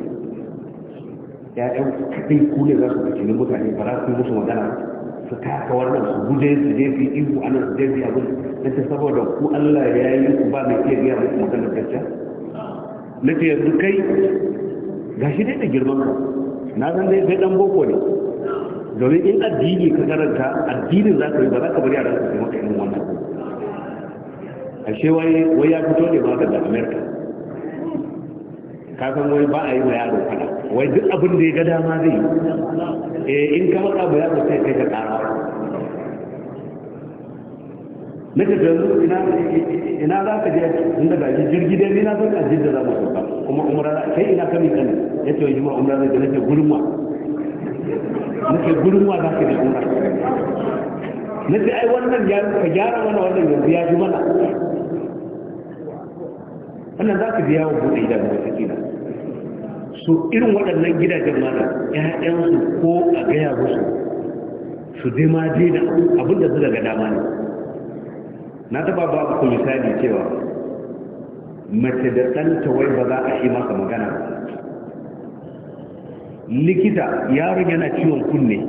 ya'yan kaɗai ku ne za su fi ne mutane ba za su yi musu magana su kaka wannan su guje su je fi, ihu ana su je fi, abin na ce saboda ku allah ya yi ku ba mai iya biya musu magana kacca na ce yanzu kai gashi dai da girman ka na san dai dan boko ne domin in addini ka karanta addinin za ka yi ba za ka bari a rasu kuma irin wannan ashe wai wai ya fito ne ma daga america ka san wai ba a yi ma yaro fada wai duk abin da ya ga dama zai eh in ka maka ba yaro sai kai ka tsara na ka yanzu ina za ka je inda ga shi jirgi dai ina zan ajiyar da za mu sauka kuma umra kai ina kamin kan ya ce wa jima umra zai ga nake gulma nake gurin wa za ka je umra na ce ai wannan ya ka gyara mana wannan yanzu ya ji mana wannan za ka biya wa buɗe idan wata kila so irin waɗannan gidajen mana ƴaƴansu ko a gaya musu su je ma da abin da su daga dama ne na taɓa ba ku misali cewa mace da ɗanta wai ba za a shi masa magana ba likita yaron yana ciwon kunne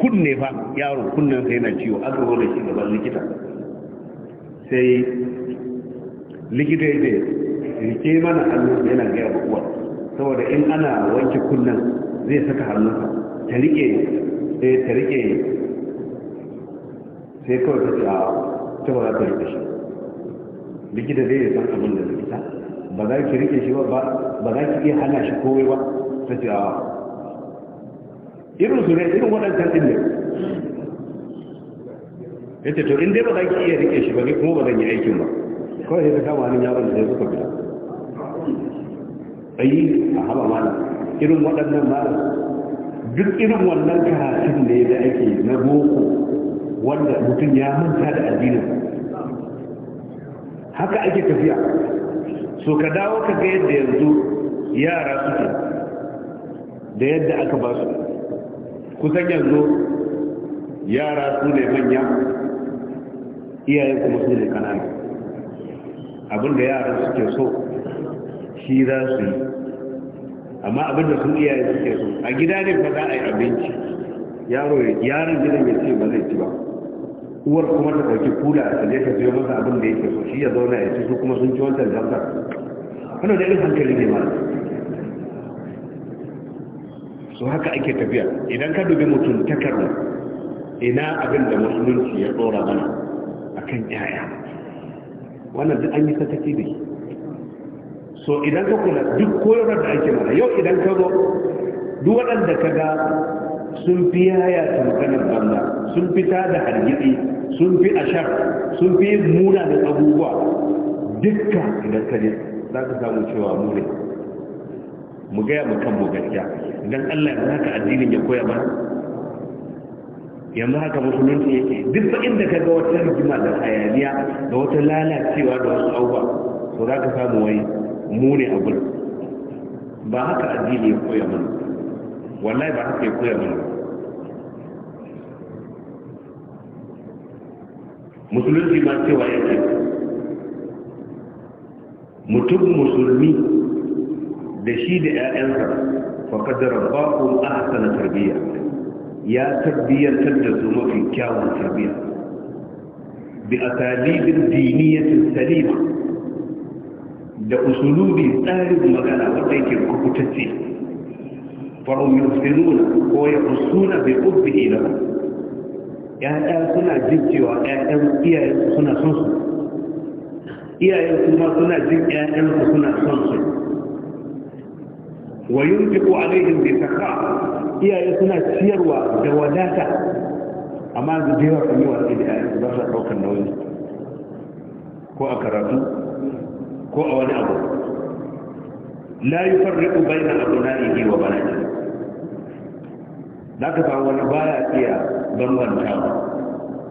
kunne fa yaron kunnen sai yana ciwo aka zo da shi gaban likita sai likita ya ce rike mana hannu yana gaya wa saboda in ana wanke kunnen zai saka hannunsa ta rike sai ta rike sai kawai ta ce a ta ba za ta rike shi likita zai yi san abin da likita ba za ki rike shi ba ba za ki iya hana shi kowai ba ta ce a irin su ne irin waɗancan ɗin ne ya ce to in dai ba za ki iya rike shi ba ne kuma ba zan yi aikin ba kawai sai ta kama wani yaron da zai suka fita Ayi a haɓa mana irin waɗannan malam duk irin wannan karatun ne da ake na boko wanda mutum ya manta da addinin haka ake tafiya so ka dawo ka ga yadda yanzu yara suke da yadda aka ba su kusan yanzu yara su ne manya iyayen kuma su ne kanana abinda yara suke so shi za su yi amma abinda su iyaye suke so a gida ne fa za a yi abinci yaro yaron gidan ya ce ba zai ci ba uwar kuma ta ɗauki kula a tsaye ta siyo masa abin da yake so shi ya zauna ya ci su kuma sun ci wancan zartar wanda da irin hankali ne ma so haka ake tafiya idan ka dubi mutum mu ina abin da musulunci ya dora mana akan yaya wannan duk an yi sataki da so idan ka kula duk koyarwar da ake mana yau idan ka zo duk waɗanda ka ga sun fi yaya tamkanin banza sun fi ta da hargitsi sun fi ashar sun fi muna da abubuwa dukka idan ka ne, za ka samu cewa mu ne mu gaya mu kan mu gaskiya dan Allah ya haka addinin ya koya mana yanzu haka musulunci yake duk fa inda ka ga wata rigima da hayaniya da wata lalacewa da wasu abubuwa to za ka samu wai mu ne a ba haka addini ya koya mana wallahi ba haka ya koya mana musulunci ma cewa yake mutum musulmi da shi da 'ya'yansa faƙad rabbakun ahsana tarbiyya ya tarbiyyantar da su mafi kyawun tarbiyya bi asalibin diniyatin salima da usulubi tsarin magana wanda yake kubutacce fa'um yusiruna ko ya usuna bai ubbi ila ya'ya suna jin cewa ƴaƴan iyayen suna son su iyayen kuma suna jin ƴaƴan suna son su wa yunfiqu alaihim bi sakha iyaye suna ciyarwa da wadata amma da jewa kun yi watsi da iyaye ba su daukar nauyi ko a karatu ko a wani abu la yufarriqu baina abnaihi wa banatihi da ka samu wani baya iya bambanta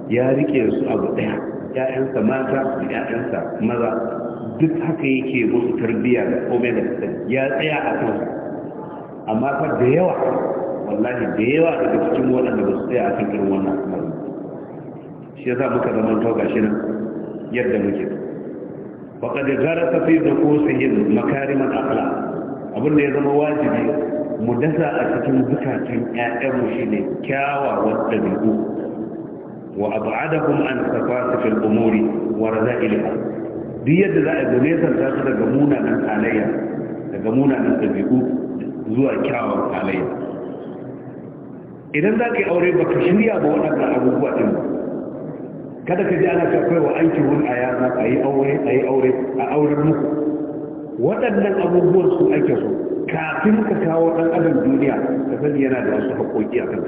ya rike su abu daya 'ya'yansa mata da 'ya'yansa maza duk haka yake musu tarbiyya da komai da ya tsaya a kansu amma fa da yawa wallahi da yawa daga cikin waɗanda ba su tsaya a cikin irin wannan al'amari shi yasa muka zama to gashi nan yadda muke faqad garasa fi dukusihim makarim al-akhlaq abin da ya zama wajibi mu dasa a cikin zukatan ƴaƴanmu shine kyawawan dabi'u wa ab'adakum an safasifil umuri wa raza'ilha duk yadda za a gane san ta daga munanan alayya daga munanan dabi'u zuwa kyawun halayya idan za ka yi aure ba ka shirya ba waɗannan abubuwa ɗin kada ka ji ana kai wa aiki wani a yana a yi aure a yi aure a auren muku waɗannan abubuwan su ake so kafin ka kawo ɗan adam duniya ka sani yana da wasu haƙoƙi a kan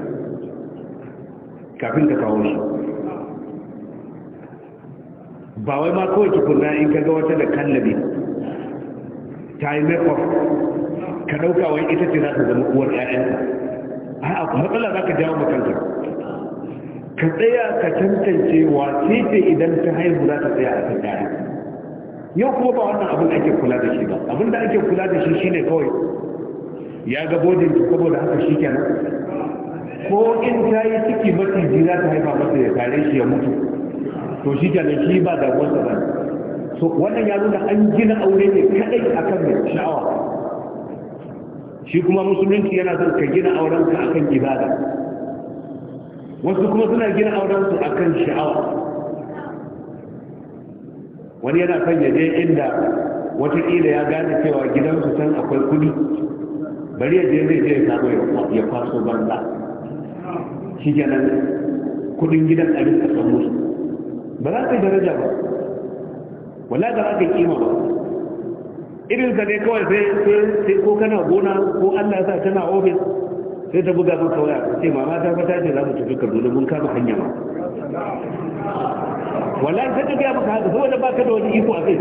kafin ka kawo shi ba wai ma kawai tukunna in ka ga wata da kallabi ta yi make ka ɗauka wai ita ce za ta zama uwar ƴaƴanka a'a matsala za ka jawo makanka ka tsaya ka tantance wace ce idan ta haihu za ta tsaya a kan ƴaƴa yau kuma ba wannan abin ake kula da shi ba abin da ake kula da shi shine kawai ya ga bodin saboda haka shi kenan ko in ta yi ciki mafi za ta haifa masa ya tare shi ya mutu to shi kenan shi ba damuwarsa ba so wannan ya nuna an gina aure ne kadai akan mai sha'awa shi kuma musulunci yana son ka gina aurenka akan ibada wasu kuma suna gina aurensu akan sha'awa wani yana son ya je inda watakila ya gane cewa gidansu can akwai kudi bari ya je zai je ya samu ya kwaso banza shi kenan kudin gidan a rinka san musu ba za ka yi daraja ba wala ba za ka yi kima ba irinsa ne kawai sai ko kana gona ko allah sa kana ofis sai ta buga maka waya ce mama ta fata ce za mu tafi kaduna mun kama hanya ma wallahi sai ta gaya maka haka saboda baka da wani iko a kai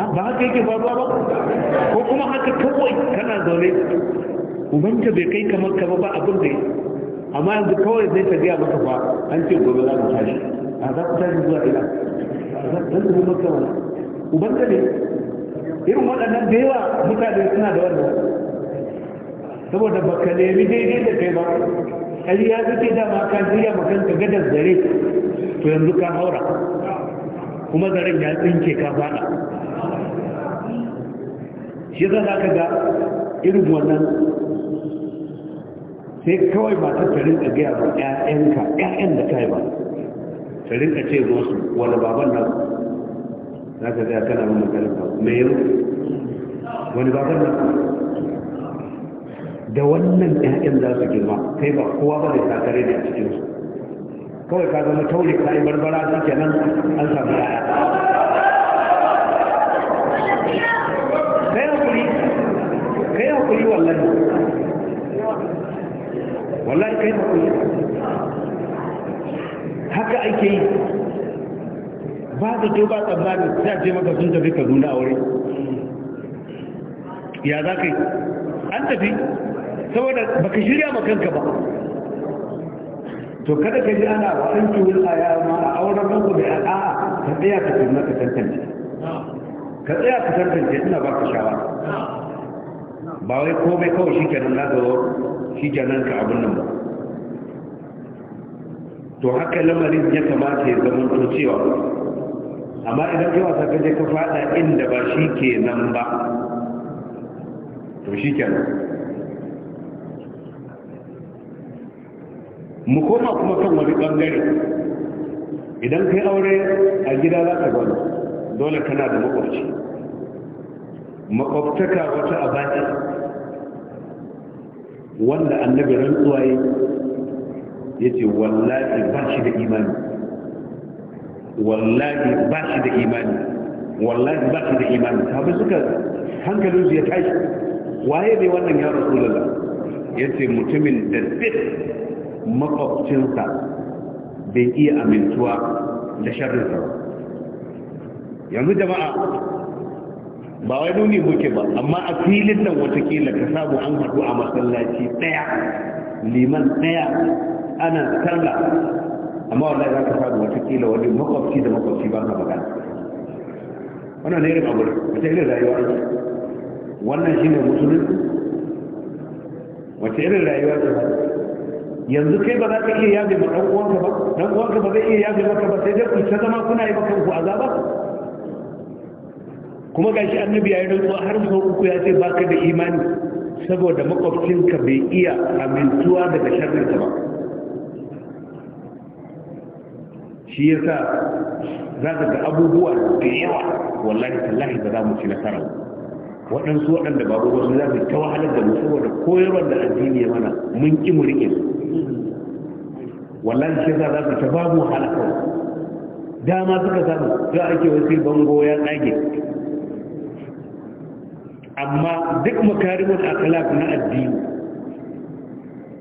ah, ba haka yake faruwa ba ko kuma haka kawai kana zaune ubanta bai kai kamar ka ba abin da amma yanzu kawai sai ta ga maka fa an ce gobe za ku tashi a ah, za ku tashi zuwa A za ku tashi maka wani ubanta ne irin waɗannan da yawa mutane suna da wannan saboda ba ka nemi daidai da kai ba ƙari ya zuke dama ka shirya ka gadar zare to yanzu ka haura kuma zaren ya tsinke ka fada shi za ka ga irin wannan sai kawai ba ta tarin a gaya ba 'ya'yanka 'ya'yan da ta yi ba tarin a ce musu wani baban nan هكذا كان أبو مكلف مير وأنا بعدين دوّن من أهل الناس كلمة كيف هو هذا الكاتري ده أشتيو كوي كذا ما تقول كاي بربرا ده كمان ألفا والله كيف أقول هكا أي كيف ba da to ba tsammanin za a ce maka sun tafi kaduna a wuri ya za ka yi an tafi saboda baka shirya ma kanka ba to kada ka ji ana wasan kiwon a ma a auren ranku da a'a ka tsaya ka tuna ka tantance ka tsaya ka tantance ina ba ka shawara ba wai komai kawai shi kenan na gawo shi kenan ka abin nan ba to haka lamarin ya kamata ya zama cewa amma idan kai wasa ka je ka fada inda ba shi ke nan ba to shi kenan mu koma kuma kan wani bangare idan kai aure a gida za ka gano dole kana da makwabci makwabtaka wata baki. wanda annabi rantsuwa ya ce wallahi ba shi da imani wallahi ba shi da imani wallahi ba shi da imani sabu suka hankalin su ya tashi waye ne wannan ya Ya ce mutumin da duk makwabcinsa bai iya amintuwa da sharrinsa ba yanzu jama'a ba wai nuni muke ba amma a filin nan watakila ka samu an haɗu a masallaci ɗaya liman ɗaya ana sallah amma wallahi za ka samu watakila wani makwabci da makwabci ba ka magana wannan ne irin abu wata irin rayuwa ce wannan shi ne musulun? wata irin rayuwa ce yanzu kai ba za ka iya yabe ma dan uwanka ba dan uwanka ba zai iya yabe maka ba sai dai ku ta zama kuna yi ba kanku azaba kuma gashi annabi ya yi rantsuwa har sau uku ya ce ka da imani saboda makwabcinka bai iya amintuwa daga sharrinka ba shi ya sa za ka ga abubuwa da yawa wallahi tallahi ba za mu ci nasara waɗansu waɗanda babu wasu za su ta wahalar da mu saboda koyarwar da addini ya mana mun ki mu riƙe su wallahi shi ya sa za su ta babu halaka dama suka samu za a ke wasu bango ya tsage amma duk makarimun akhlaq na addini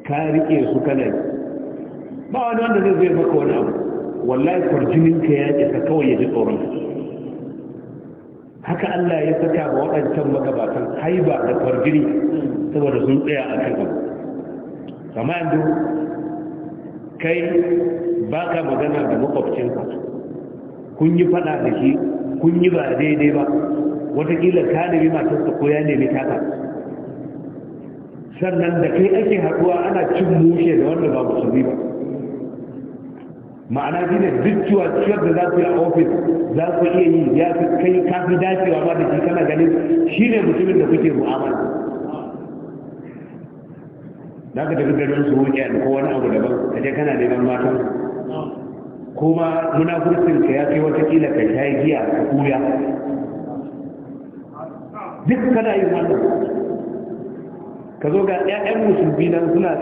ka riƙe su kana ba wani wanda zai zai maka wani abu wallahi ka ya isa kawai ya ji tsoron haka Allah ya saka ba waɗancan magabatan haiba da kwarjini saboda sun tsaya a kan abu kama yanzu kai ba ka magana da makwabcinka kun yi faɗa da shi kun yi ba daidai ba watakila ka nemi matarsa ko ya nemi taka sannan da kai ake haɗuwa ana cin mushe da wanda ba musulmi ba ma'ana shi ne duk ciwaciyar da za su yi a ofis za su iya yi ya fi kai kafin dacewa ba da shi kana ganin shi ne mutumin da kuke mu'amala za ka tafi garin su wuce ko wani abu daban a je kana neman matan kuma munafurcin ka ya kai watakila ka sha giya ka kuya duk kana yin wannan ka zo ga 'ya'yan musulmi nan suna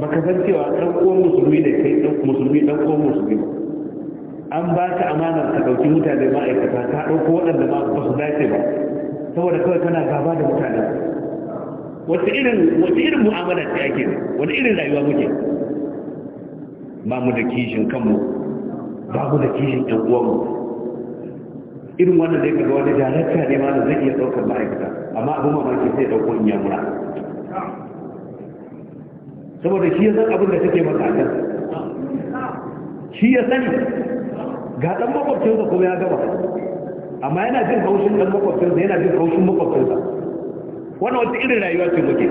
baka san cewa ɗan uwan musulmi da kai ɗan musulmi ɗan uwan musulmi an ba ka amana ka ɗauki mutane ma'aikata ka ɗauko waɗanda ma ba su dace ba saboda kawai kana gaba da mutane wata irin wata irin mu'amala ce ake wani irin rayuwa muke ba mu da kishin kanmu ba mu da kishin ɗan uwanmu irin wannan zai kaga wani darakta ne ma da zai iya ɗaukar ma'aikata amma abin mamaki sai ɗauko in yamura saboda shi ya san abin da kake masa akan shi ya sani ga dan makwabcinsa kuma ya gama amma yana jin haushin dan makwabcinsa yana jin haushin makwabcinsa wannan wata irin rayuwa ce muke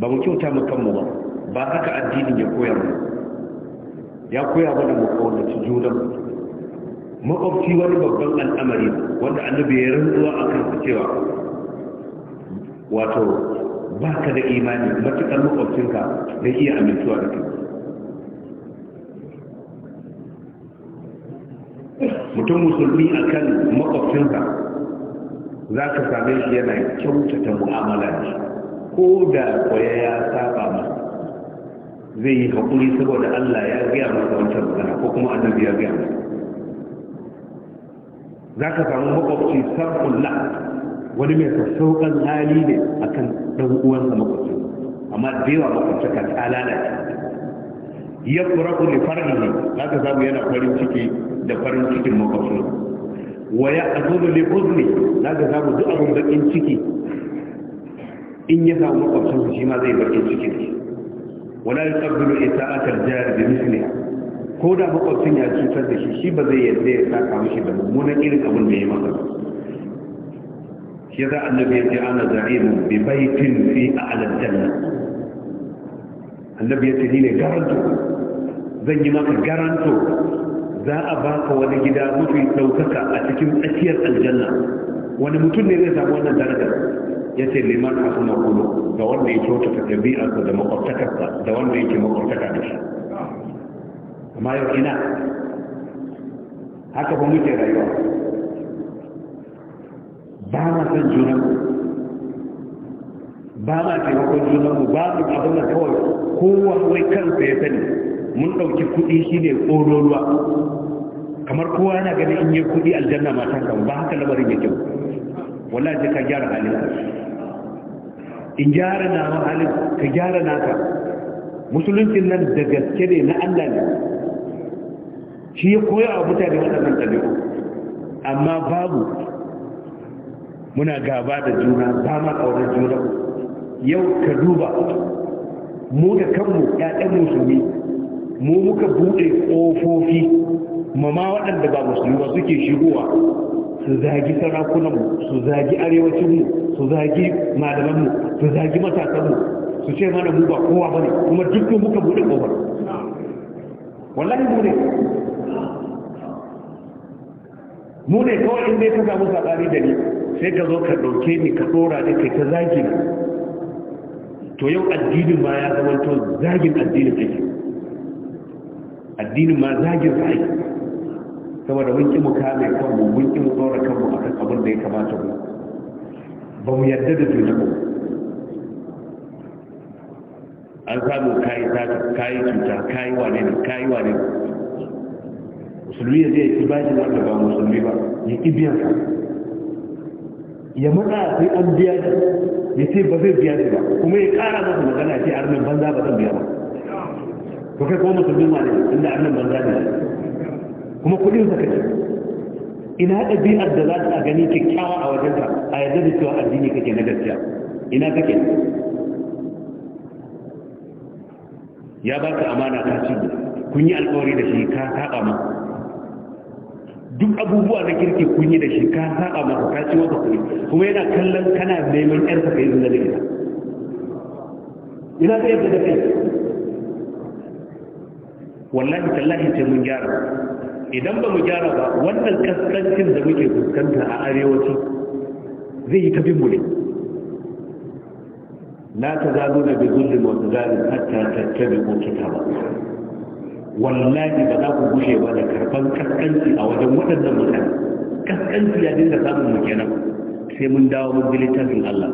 ba mu kyauta mu kanmu ba ba haka addinin ya koya mu ya koya mana mu kaunaci junan makwabci wani babban al'amari wanda annabi ya rantsuwa akan cewa wato ba ka da imani matuƙar makwabcinka da iya amintuwa da kai mutum musulmi a kan makwabcinka za ka same shi yana kyautata mu'amala ne ko da kwaya ya saba masa zai yi haƙuri saboda allah ya gaya masa wancan magana ko kuma annabi ya gaya masa za ka samu makwabci sabon la wani mai sassauƙan hali ne a kan ɗan uwansa makwacin amma da yawa makwacin ka ta lalace ya furaku ne farin ne za ka samu yana farin ciki da farin cikin makwacin wa ya azuzu ne uzni za ka samu duk abin bakin ciki in ya samu makwacin shi ma zai bakin cikin shi wala ya ita isa'atar jihar da misliya ko da makwacin ya cutar da shi shi ba zai yadda ya saka mishi da mummunan irin abin da ya masa shi za annabi ya ce ana za'imu bi baitin fi a'lal janna annabi ya ce ni ne garanto zan yi maka garanto za a baka wani gida mutu daukaka a cikin tsakiyar aljanna wani mutum ne zai samu wannan darajar ya ce liman asuna kulu Da wanda ya kyautata ɗabi'arsa da makwabtakarsa da wanda yake makwabtaka da shi amma yau ina haka ba muke rayuwa ba ma san junanmu ba ma taimakon junanmu ba mu abin da kawai kowa wai kansa ya sani mun ɗauki kuɗi shi ne ƙororuwa kamar kowa yana ganin in yi kuɗi aljanna matan kan ba haka lamarin ya kyau wala sai ka gyara halin in gyara na halin ka gyara naka musuluncin nan da gaske ne na allah ne shi ya koya wa mutane waɗannan ɗabi'u amma babu muna gaba da juna ba ma ƙaunar juna yau ka duba mu da kanmu ƴaƴan musulmi mu muka buɗe ƙofofi mama waɗanda ba musulmi ba suke shigowa su zagi sarakunanmu su zagi arewacinmu su zagi malamanmu su zagi matasanmu su ce mana mu ba kowa ba ne kuma duk muka buɗe ƙofar wallahi mu ne mu ne kawai in dai ka samu saɓani da ni sai ka zo ka ɗauke ni ka ɗora ne kai ta zagin to yau addinin ma ya zama to zagin addinin ake addinin ma zagin sa ake saboda mun ƙi mu kame kanmu mun ƙi mu tsora kanmu akan abin da ya kamata mu ba mu yarda da ba an samu kayi zaka kayi cuta kayi wane ne kayi wane musulmi ya zai yi ibajin wanda ba musulmi ba ya ibiyar biyan sa ya mada sai an biya shi ya ce ba zai biya shi ba kuma ya kara masa magana ce arnin banza ba zan biya ba to kai kuma musulmi ma ne inda nan banza ne kuma kuɗin sa kace ina ɗabi'ar da za ta gani kyakkyawa a wajenka a yadda da cewa addini kake na gaskiya ina kake ya ba ka amana ta ci kun yi alkawari da shi ka saba ma. duk abubuwa na kirki kun yi da shi ka saba masa ka ci wata kuɗi kuma yana kallon kana neman yar ka kai zina da ita ina zai yi da kai wallahi tallahi ce mun gyara idan ba mu gyara ba wannan kaskancin da muke fuskanta a arewaci zai yi ta bin mu ne ta zazo da bi zulli wa zalim hatta tattabi ko kitaba wallahi ba za ku gushe ba da karfan kaskanci a wajen waɗannan mutane kaskanci ya dinga samun mu kenan sai mun dawo mun gili bilitarfin Allah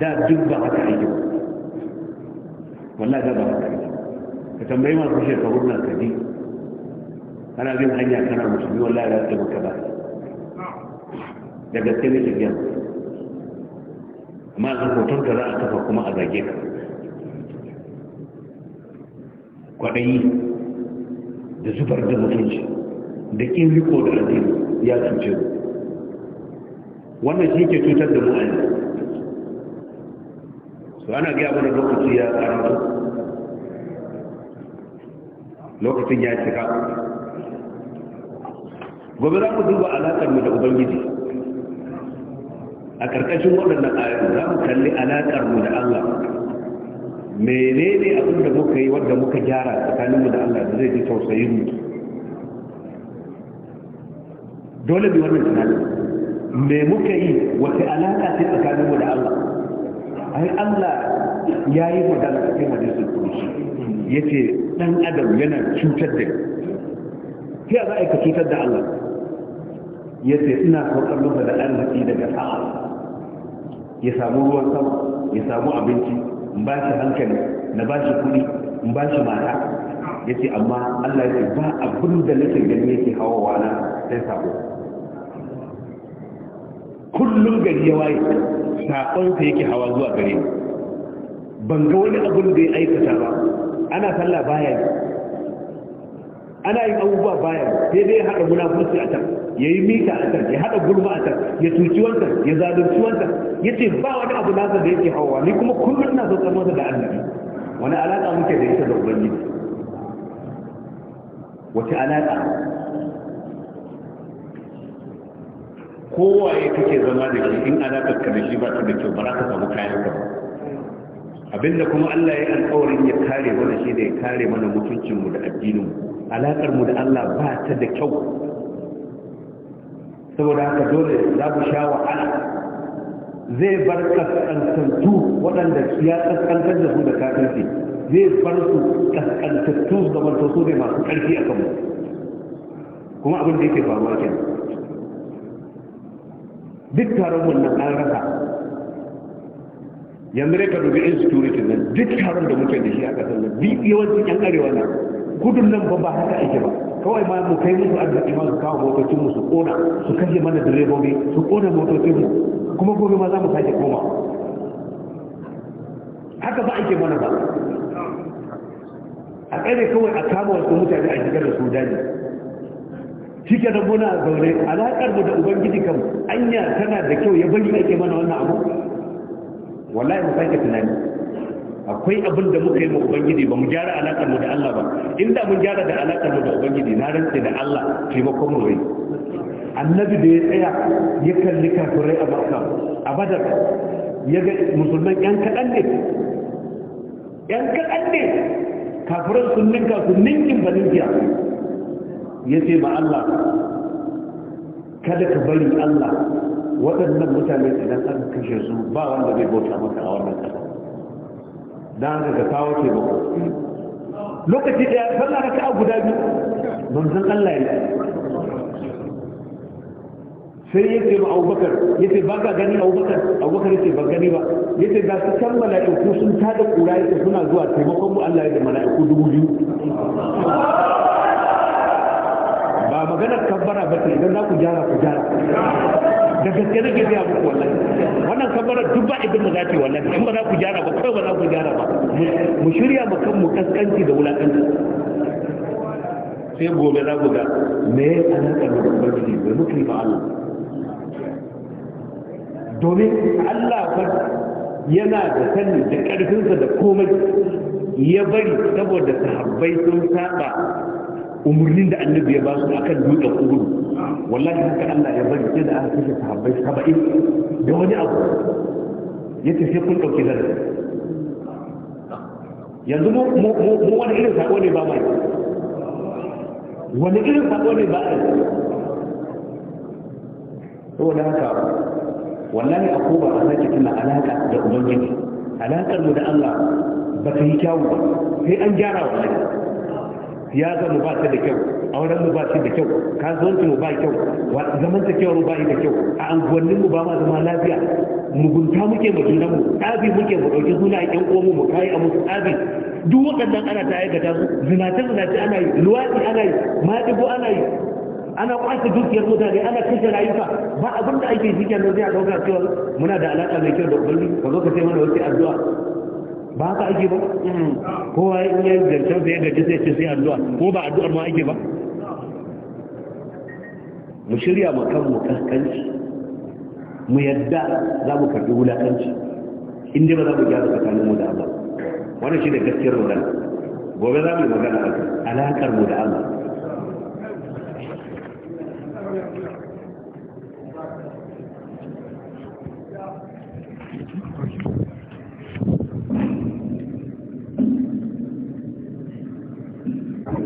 da duk ba haka ake ba wallahi da ba haka ake ka tambayi masu shekaru na kaji kana bin hanya kana musulmi wallahi za su maka ba da gaske ne tafiya amma a hoton ka za a kafa kuma a zage ka kwaɗayi da zubar da mutunci da ƙin riko da addini ya cuce mu wannan shi ke cutar da mu'ani su ana gaya mana lokaci ya karatu lokacin ya cika gobe za mu duba alaƙar mu da ubangiji a ƙarƙashin waɗannan ayoyi za mu kalli alaƙar mu da allah menene abin da muka yi wadda muka gyara tsakaninmu da Allah da zai ji tausayin mu dole bi wannan tunanin me muka yi wata alaƙa ce tsakaninmu da Allah ai Allah ya yi magana a cikin hadisul kudusi ya ce ɗan adam yana cutar da ya za a ka cutar da Allah ya ce ina saukar masa da arziki daga sa'a ya samu ruwan sama ya samu abinci in ba shi hankali na ba shi kuɗi in ba shi mata ya ce amma Allah ya ce ba abin da nake gani yake hawa wana sai sabo kullum gari ya waye saƙonsa yake hawa zuwa gare ban ga wani abin da ya aikata ba ana sallah baya ana yin abubuwa baya sai dai haɗa munafurci a can ya yi mita a can ya haɗa gulma a can ya tuci wancan ya zalunci wancan ya ce ba wani abu nasa da yake hawa ni kuma kullum na zotsar masa da annabi wani alaƙa muke da ita da ubangiji wace alaƙa kowaye kake zama da shi in alaƙar ka da shi ba ta da kyau ba za ka samu kayan ka ba abinda kuma Allah ya alƙawarin ya kare mana shi da ya kare mana mutuncinmu da addininmu alaƙar mu da Allah ba ta da kyau saboda haka dole za ku sha wahala zai bar kaskantattu waɗanda ya kaskantar da su da kafirci zai bar su kaskantattu da to su ne masu ƙarfi a kanmu kuma abin da yake faruwa kenan duk taron wannan an rasa yanzu ne ka dubi insecurity nan duk taron da muke da shi a ƙasar nan biyu yawancin yan arewa na. gudun nan ba ba haka ake ba kawai ma mu kai musu arziki ma su kawo motocin mu su kona su kashe mana direbobi su kona motocin mu kuma gobe ma za mu sake koma haka ba ake mana ba a ƙare kawai a kama wasu mutane a shigar da su daji shi ke da muna zaune alaƙar mu da ubangiji kam anya tana da kyau ya bari ake mana wannan abu wallahi mu sake tunani akwai abin da muka yi ma ubangiji ba mu gyara alaƙa mu da Allah ba inda mun gyara da alaƙa mu da ubangiji na rantse da Allah taimakon mu rai annabi da ya tsaya ya kalli kafirai a makka a badar ya ga musulman yan kaɗan ne yan kaɗan ne kafirai sun ninka su ninkin ba ninkiya ya ce ba Allah kada ka bari Allah waɗannan mutane idan aka kashe su ba wanda zai bauta maka a wannan ƙasa dan haka ka kawo ke ba lokaci da sallah ka a guda biyu manzon Allah ya sai ya ce ma abubakar ya ce ba ka gani abubakar abubakar ya ce ba gani ba ya ce ga su can mala'iku sun tada kura ya ce suna zuwa taimakon mu Allah ya da mala'iku dubu biyu ba maganar kabbara ba ce idan za ku gyara ku gyara da gaske nake biya muku wallahi wannan kamar duk ba idan ba za ta wallahi in ba za ku gyara ba kai ba za ku gyara ba mu shirya mu kan mu kaskanci da wulakanci sai gobe za ku ga me an alaka da ubangiji ba mu yi Allah domin Allah fa yana da sani da ƙarfinsa da komai ya bari saboda sahabbai sun saba umarnin da annabi ya ba su akan dutsen uhud wallahi haka Allah ya bari sai da aka kashe sahabbai saba'in da wani abu ya tafi kun dauki darasi yanzu mu mu wani irin sako ne ba mai wani irin sako ne ba to saboda haka wallahi a ba a sake tuna alaka da ubangiji alakar mu da Allah ba ta yi kyawu ba sai an gyara wallahi ya mu ba da kyau auren mu ba shi da kyau kasuwanci mu ba kyau zaman ta kyau ba da kyau a anguwannin mu ba ma zama lafiya mugunta muke mu junan mu tsabi muke mu dauki suna yan uwan mu kai a musu tsabi duk wadannan ana ta aikata su zinace zinace ana yi luwaɗi ana yi maɗigo ana yi ana kwace dukiyar mutane ana kashe rayuka ba abin da ake shi kenan zai a ɗauka cewa muna da alaƙa mai kyau da ubangiji ka zo ka sai mana wasu addu'a ba ka ake ba kowa in yi zancen sai gaji sai ce sai addu'a ko ba addu'ar ma ake ba mu shirya mu kan mu kaskanci mu yadda za mu karɓi wulakanci inda ba za mu gyara tsakanin mu da Allah wannan shi ne gaskiyar magana gobe za mu yi magana a alaƙar mu da Allah